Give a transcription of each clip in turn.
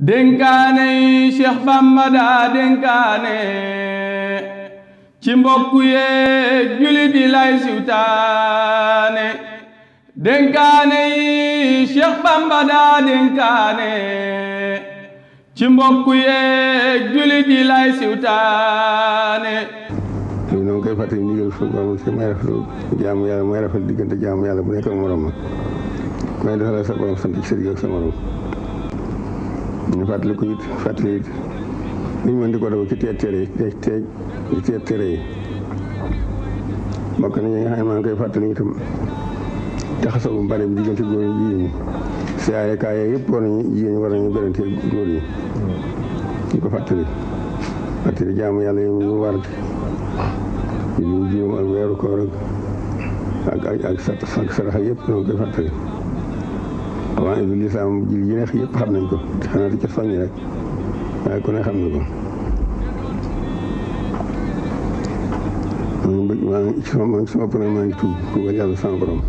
dénkaane Cheikh Bamba daa dénkaane ci mbokk yee julit yi lay siwtaane dénkaane yi Cheikh Bamba daa dénkaane ci mbokk yee julit yi lay siwtaane ñu noonu koy fàttali ndigal fu baaxul si may rafetlu jaamu yàlla may rafetlu diggante jaamu yàlla bu nekk ak morom ma may defal sa borom sant ci sa digg ak sa morom ñu fàttaliku it fàttali it ni ñu ma di ko def ci teer tere yi te ci teer tere yi mbokk nañu nga xam ne maa ngi koy fàttali itam jaxasoo bu bare bi diggante góor jigéen ñi yëpp war nañu jigéen ñi góor yi ñu ko fàttali fàttali jaamu yàlla yi mu war ñu juróom ak weeru koor ak ak ak sarax yëpp ñoo koy fàttali avant bi lislaam ji li neex yëpp xam nañ ko xanaa di ca soññ rek waaye ku ne xam na ko maa ngi ci sama sama problème maa ngi tuub tuubal yàlla sama borom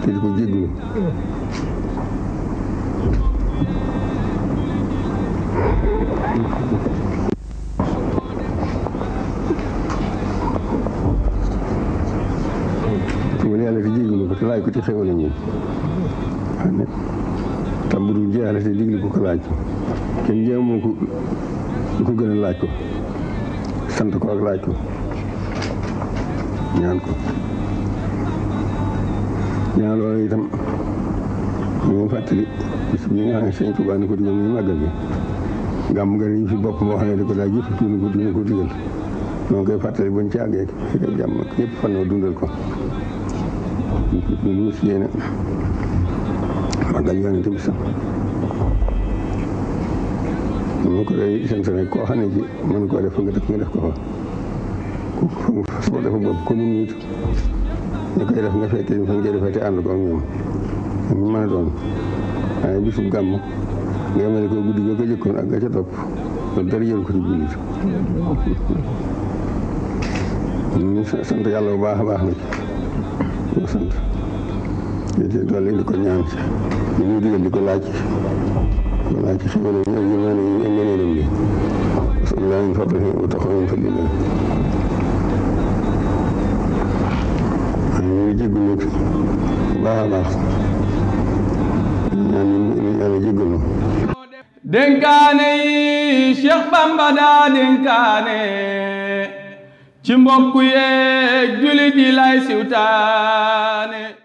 te di ko jégalu tuubal yàlla fi jégalu ba ko laaj ko ci xewale ñi tam bu dul jeexale te diglu ko ko laaj kenn jéemoo ko lu ko gën a laaj ko sant ko ak laaj ko ñaan ko ñaan loolu itam ñu ngi bis bi nga xam ne ko nga ñu fi ko ko digal ngi buñ ci dundal ko loolu mos leen a màggal yonent bi sax mu ko day sant rek koo xam ne ji mën koo def nga def nga def ko fa kooku fa dafa bopp ko mu niitu ñu koy def nga fekkee ñu fa ngeen ko ak ñoom ñu mën doon waaye bisu gàmm nga mel ne guddi ga ko jëkkoon ak ga ca topp loolu dara ko ci jullit ñu sant yàlla bu baax a baax na ko ko sant di di dolli di ko ñaan si di ñuy digal di ko laaj ko laaj ci xéwal yi ak yërmande yi ak yeneen yi sallallahu alayhi wa taxawin fa lillah ñu ngi jéggu nag baax a baax ñaan ñu yàlla jéggalu dénkaane yi Cheikh Bamba daa dénkaane ci mbokk yeeg julit yi lay siwtaane